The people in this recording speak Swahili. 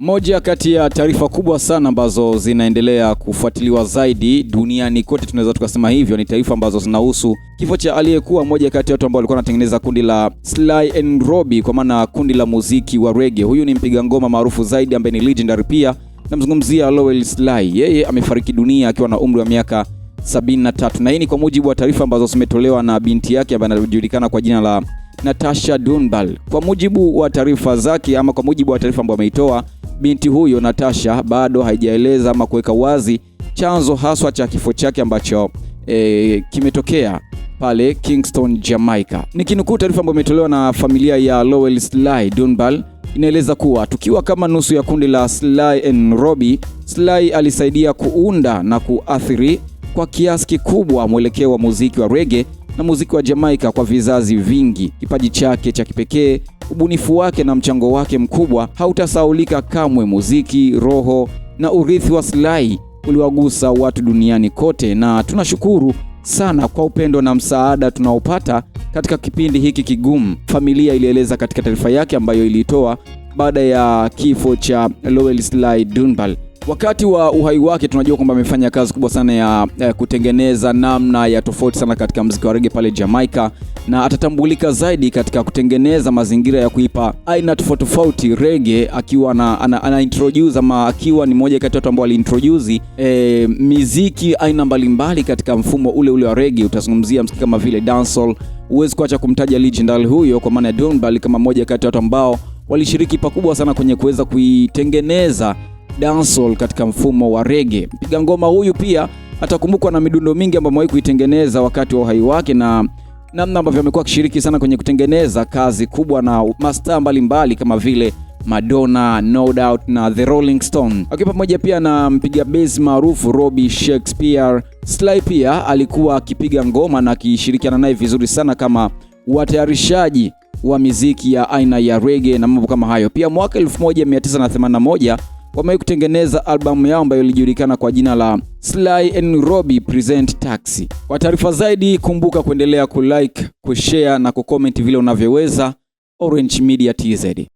Moja kati ya taarifa kubwa sana ambazo zinaendelea kufuatiliwa zaidi duniani kote, tunaweza tukasema hivyo, ni taarifa ambazo zinahusu kifo cha aliyekuwa moja kati ya watu ambao walikuwa wanatengeneza kundi la Sly and Robbie, kwa maana kundi la muziki wa rege. Huyu ni mpiga ngoma maarufu zaidi ambaye ni legendary pia, namzungumzia Lowell Sly. Yeye amefariki dunia akiwa na umri wa miaka 73, na hii ni kwa mujibu wa taarifa ambazo zimetolewa na binti yake ambaye anajulikana kwa jina la Natasha Dunbal. Kwa mujibu wa taarifa zake ama kwa mujibu wa taarifa ambayo ameitoa binti huyo Natasha bado haijaeleza ama kuweka wazi chanzo haswa cha kifo chake ambacho e, kimetokea pale Kingston, Jamaica. Nikinukuu taarifa ambayo imetolewa na familia ya Lowell Sly Dunbar inaeleza kuwa tukiwa kama nusu ya kundi la Sly and Robbie, Sly alisaidia kuunda na kuathiri kwa kiasi kikubwa mwelekeo wa muziki wa rege na muziki wa Jamaika kwa vizazi vingi. Kipaji chake cha kipekee, ubunifu wake na mchango wake mkubwa hautasaulika kamwe. Muziki, roho na urithi wa Sly uliwagusa watu duniani kote, na tunashukuru sana kwa upendo na msaada tunaopata katika kipindi hiki kigumu, familia ilieleza katika taarifa yake ambayo ilitoa baada ya kifo cha Lowell Sly Dunbar. Wakati wa uhai wake tunajua kwamba amefanya kazi kubwa sana ya, ya eh, kutengeneza namna ya tofauti sana katika mziki wa rege pale Jamaica, na atatambulika zaidi katika kutengeneza mazingira ya kuipa aina tofauti tofauti rege, akiwa na, ana, ana introduce ama akiwa ni moja kati ya watu ambao aliintroduce e, miziki aina mbalimbali katika mfumo ule ule wa rege. Utazungumzia mziki kama vile dancehall, huwezi kuacha kumtaja legendary huyo kwa maana ya Don Bali kama moja kati ya watu ambao walishiriki pakubwa sana kwenye kuweza kuitengeneza dancehall katika mfumo wa rege. Mpiga ngoma huyu pia atakumbukwa na midundo mingi ambayo amewahi kuitengeneza wakati wa uhai wake na namna ambavyo amekuwa akishiriki sana kwenye kutengeneza kazi kubwa na mastaa mbalimbali kama vile Madonna, No Doubt na The Rolling Stone, akiwa pamoja pia na mpiga besi maarufu Robbie Shakespeare. Sly pia alikuwa akipiga ngoma na akishirikiana naye vizuri sana kama watayarishaji wa miziki ya aina ya rege na mambo kama hayo. Pia mwaka 1981 wamewahi kutengeneza albamu yao ambayo ilijulikana kwa jina la Sly and Robbie Present Taxi. Kwa taarifa zaidi, kumbuka kuendelea kulike, kushare na kucomment vile unavyoweza. Orange Media TZ.